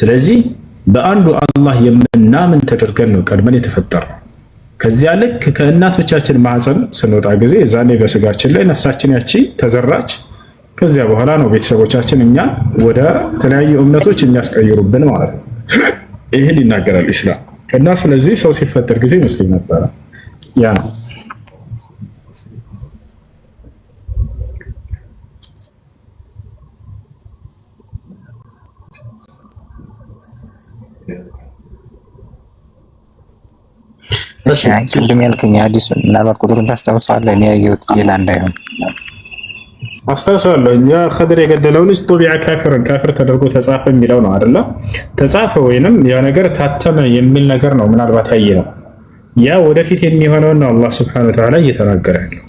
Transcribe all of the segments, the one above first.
ስለዚህ በአንዱ አላህ የምናምን ተደርገን ነው ቀድመን የተፈጠረ ከዚያ ልክ ከእናቶቻችን ማህፀን ስንወጣ ጊዜ ዛኔ በስጋችን ላይ ነፍሳችን ያቺ ተዘራች። ከዚያ በኋላ ነው ቤተሰቦቻችን እኛ ወደ ተለያዩ እምነቶች የሚያስቀይሩብን ማለት ነው። ይህን ይናገራል ኢስላም እና ስለዚህ ሰው ሲፈጠር ጊዜ ሙስሊም ነበረ። ያ ነው ቅድም ያልከኝ አዲሱ ምናልባት ቁጥሩን ታስታውሰዋለህ? እኔ ያየሁት ሌላ እንዳይሆን አስታውሰዋለሁ። ያ ከድር የገደለው ልጅ ጦቢያ ካፊርን ካፊር ተደርጎ ተጻፈ የሚለው ነው አይደለ? ተጻፈ ወይንም ያ ነገር ታተመ የሚል ነገር ነው ምናልባት ያየ ነው። ያ ወደፊት የሚሆነውን ነው አላህ ስብሐነ ወተዓላ እየተናገረ ያለው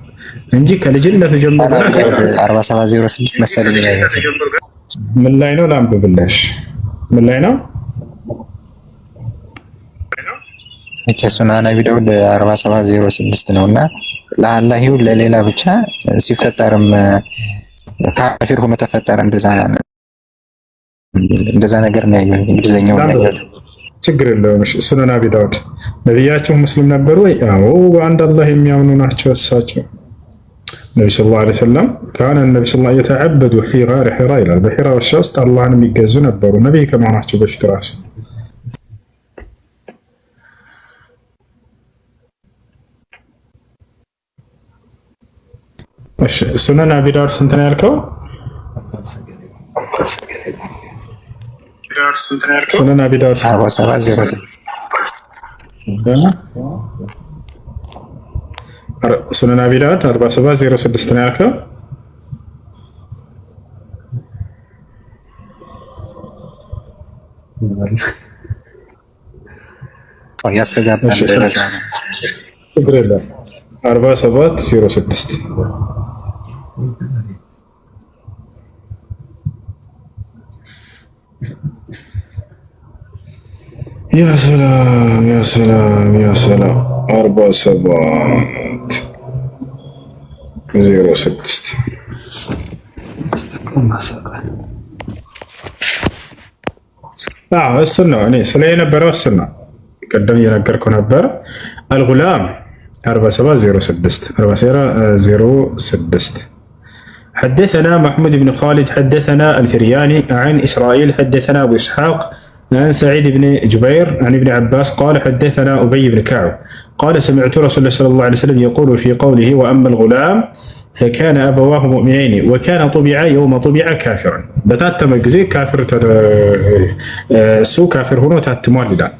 እንጂ ከልጅነቱ ጀምሮ 4706 መሰለኝ ምን ላይ ነው ላምብብላሽ ምን ላይ ነው? እቺ ሱናና ለ4706 ነውና ለአላህ ለሌላ ብቻ ሲፈጠርም ካፊር ሆኖ ተፈጠረ። እንደዛ ነገር ነው ችግር የለውም። ነብያቸው ሙስሊም ነበሩ ወይ? አዎ በአንድ አላህ የሚያምኑ ናቸው እሳቸው النبي صلى الله عليه وسلم كان النبي صلى الله عليه وسلم يتعبد في غار حراء الى البحيرة والشمس الله انهم يجازوا نبروا نبي كما راح تشوف راسه سنن ابي دار سنتنا يالكو سنن ابي دار ሱነን አቢ ዳውድ 4706 ነው ያልከው። ችግር የለም። 4706 ያ ሰላም ያ ሰላም ያ ሰላም 47 ዜሮ ስድስት እሱን ነው እኔ ስለ የነበረው እሱን ነው ቅድም እየነገርኩ ነበር። አልጉላም 4706 حدثنا محمود بن خالد حدثنا الفرياني عن إسرائيل حدثنا أبو إسحاق عن سعيد بن جبير عن ابن عباس قال حدثنا أبي بن كعب قال سمعت رسول الله صلى الله عليه وسلم يقول في قوله واما الغلام فكان ابواه مؤمنين وكان طبع يوم طبع كافرا بتاتم مجزي كافر سو كافر هنا تاتموال الان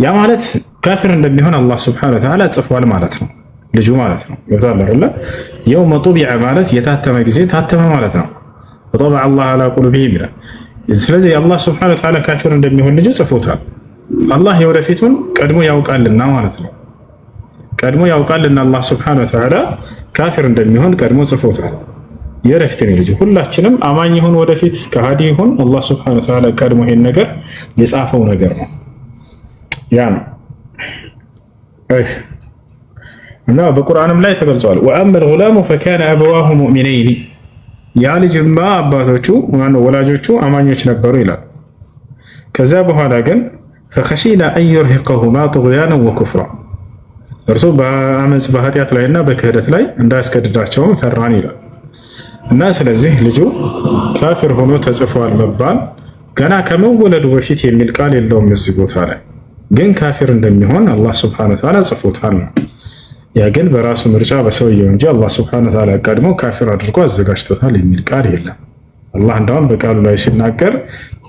يا مالت كافر اللي هنا الله سبحانه وتعالى تصفوال مالتنا لجو مالتنا يفضل الله يوم طبع مالت يتاتم مجزي تاتم مالتنا وطبع الله على قلوبهم لا سلزي الله سبحانه وتعالى كافر اللي هنا لجو صفوتها الله يورفيتون قدمو يوقع لنا مالتنا ቀድሞ ያውቃልና አላህ ስብሐነ ወተዓላ ካፊር እንደሚሆን ቀድሞ ጽፎታል። የረፊት ልጅ ሁላችንም አማኝ ይሁን ወደፊት ከሃዲ ይሁን አላህ ስብሐነ ወተዓላ ቀድሞ ይሄን ነገር የጻፈው ነገር ነው። ያ ነው እና በቁርአንም ላይ ተገልጿል። ወአመል ጉላሙ ፈካነ አበዋሁ ሙእሚነይኒ ያ ልጅማ አባቶቹ ማነው ወላጆቹ አማኞች ነበሩ ይላል። ከዛ በኋላ ግን ፈኸሺና አን ዩርሂቀሁማ ጡግያነን ወኩፍራ እርሱ በአመፅ በኃጢአት ላይ እና በክህደት ላይ እንዳያስገድዳቸውን ፈራን ይላል እና ስለዚህ ልጁ ካፊር ሆኖ ተጽፏል መባል ገና ከመወለዱ በፊት የሚል ቃል የለውም። እዚህ ቦታ ላይ ግን ካፊር እንደሚሆን አላህ ስብሐነ ወተዓላ ጽፎታል ነው። ያ ግን በራሱ ምርጫ በሰውየው እንጂ አላህ ስብሐነ ወተዓላ ቀድሞ ካፊር አድርጎ አዘጋጅቶታል የሚል ቃል የለም። አላህ እንዳውም በቃሉ ላይ ሲናገር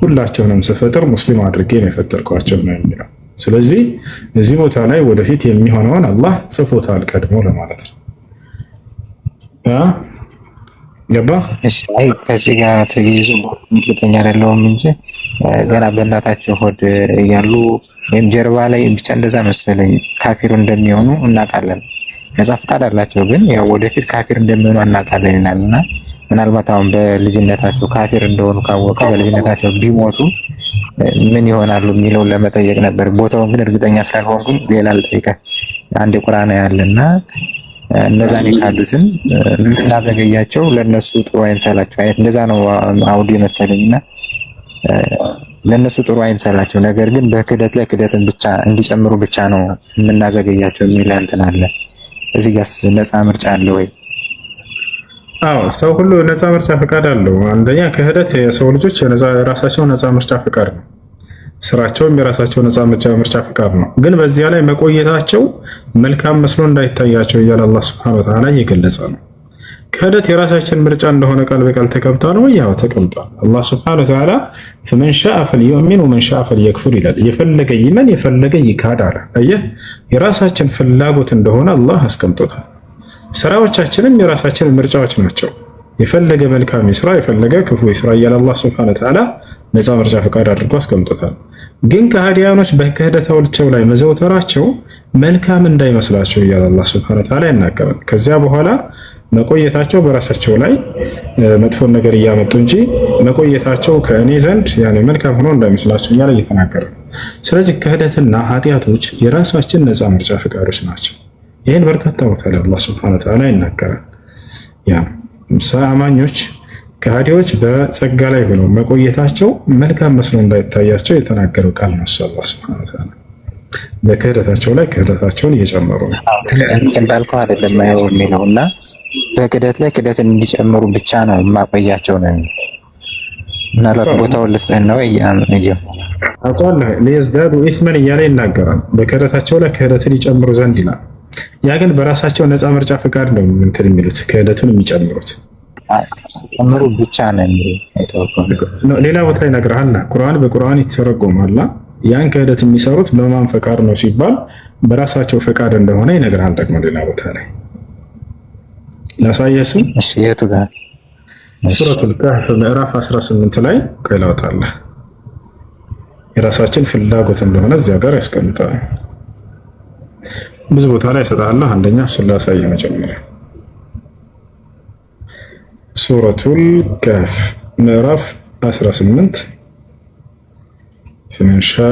ሁላቸውንም ስፈጥር ሙስሊም አድርጌ ነው የፈጠርኳቸው ነው የሚለው ስለዚህ እዚህ ቦታ ላይ ወደፊት የሚሆነውን አላህ ጽፎታል ቀድሞ ለማለት ነው። ገባ? ከዚህ ጋር ተያይዞ እርግጠኛ አይደለሁም እንጂ ገና በእናታቸው ሆድ እያሉ ወይም ጀርባ ላይ ብቻ እንደዛ መሰለኝ ካፊሩ እንደሚሆኑ እናውቃለን። ነጻ ፍቃድ አላቸው፣ ግን ያው ወደፊት ካፊር እንደሚሆኑ እናውቃለን ይላል እና ምናልባት አሁን በልጅነታቸው ካፊር እንደሆኑ ካወቀ በልጅነታቸው ቢሞቱ ምን ይሆናሉ የሚለውን ለመጠየቅ ነበር። ቦታውን ግን እርግጠኛ ስላልሆንኩኝ ሌላ ልጠይቀ አንድ ቁራና ያለና እነዛን የካዱትን የምናዘገያቸው ለእነሱ ጥሩ አይምሰላቸው አይነት እንደዛ ነው አውዱ የመሰለኝ እና ለእነሱ ጥሩ አይምሰላቸው፣ ነገር ግን በክደት ላይ ክደትን ብቻ እንዲጨምሩ ብቻ ነው የምናዘገያቸው የሚል እንትን አለ። እዚህ ጋርስ ነፃ ምርጫ አለ ወይ? አዎ ሰው ሁሉ ነፃ ምርጫ ፈቃድ አለው። አንደኛ ክህደት የሰው ልጆች የራሳቸው ነፃ ምርጫ ፈቃድ ነው። ስራቸውም የራሳቸው ነፃ ምርጫ ፈቃድ ነው። ግን በዚያ ላይ መቆየታቸው መልካም መስሎ እንዳይታያቸው እያለ አላህ ሱብሐነሁ ወተዓላ እየገለጸ ነው። ክህደት የራሳችን ምርጫ እንደሆነ ቃል በቃል ተቀምጧል ወይ? ያው ተቀምጧል። አላህ ሱብሐነሁ ወተዓላ ፈመን ሻአ ፈልዩእሚን ወመን ሻአ ፈልየክፉር ይላል። የፈለገ ይመን የፈለገ ይካድ አለ። አየህ፣ የራሳችን ፍላጎት እንደሆነ አላህ አስቀምጦታል። ስራዎቻችንም የራሳችን ምርጫዎች ናቸው። የፈለገ መልካም ስራ የፈለገ ክፉ ስራ እያለ አላህ ስብሐነ ወተዓላ ነፃ ምርጫ ፈቃድ አድርጎ አስቀምጦታል። ግን ከሃዲያኖች በክህደታቸው ላይ መዘውተራቸው መልካም እንዳይመስላቸው እያለ አላህ ስብሐነ ወተዓላ ይናገራል። ከዚያ በኋላ መቆየታቸው በራሳቸው ላይ መጥፎን ነገር እያመጡ እንጂ መቆየታቸው ከእኔ ዘንድ መልካም ሆኖ እንዳይመስላቸው እያለ እየተናገረ ስለዚህ ክህደትና ኃጢአቶች የራሳችን ነፃ ምርጫ ፈቃዶች ናቸው። ይህን በርካታ ቦታ ላይ አላህ ስብሐነ ወተዓላ ይናገራል። ያ አማኞች ከሃዲዎች በጸጋ ላይ ሆነው መቆየታቸው መልካም መስሎ እንዳይታያቸው የተናገረው ቃል ነው። አላህ ስብሐነ ወተዓላ በክህደታቸው ላይ ክህደታቸውን እየጨመሩ ነው እንዳልከው አይደለም የሚለው እና በክደት ላይ ክደትን እንዲጨምሩ ብቻ ነው የማቆያቸው ነው ምናልባት ቦታውን ልስጠን ነው እየ አቋል ሊየዝዳዱ ኢስመን እያለ ይናገራል። በክህደታቸው ላይ ክህደትን ይጨምሩ ዘንድ ይላል። ያ ግን በራሳቸው ነፃ ምርጫ ፈቃድ ነው እንትን የሚሉት ክህደቱን የሚጨምሩት ምሩ ብቻ ነው። ሌላ ቦታ ላይ ነግረሃልና ቁርአን በቁርአን ይተረጎማልና ያን ክህደት የሚሰሩት በማን ፈቃድ ነው ሲባል በራሳቸው ፈቃድ እንደሆነ ይነግርሃል። ደግሞ ሌላ ቦታ ላይ ላሳየሱ ሱረቱ ካህፍ ምዕራፍ 18 ላይ ከላውጣለህ የራሳችን ፍላጎት እንደሆነ እዚያ ጋር ያስቀምጣል። ብዙ ቦታ ላይ ሰጣለ። አንደኛ ስላሳይ መጀመሪያ ሱረቱል ከህፍ ምዕራፍ 18 ኢንሻ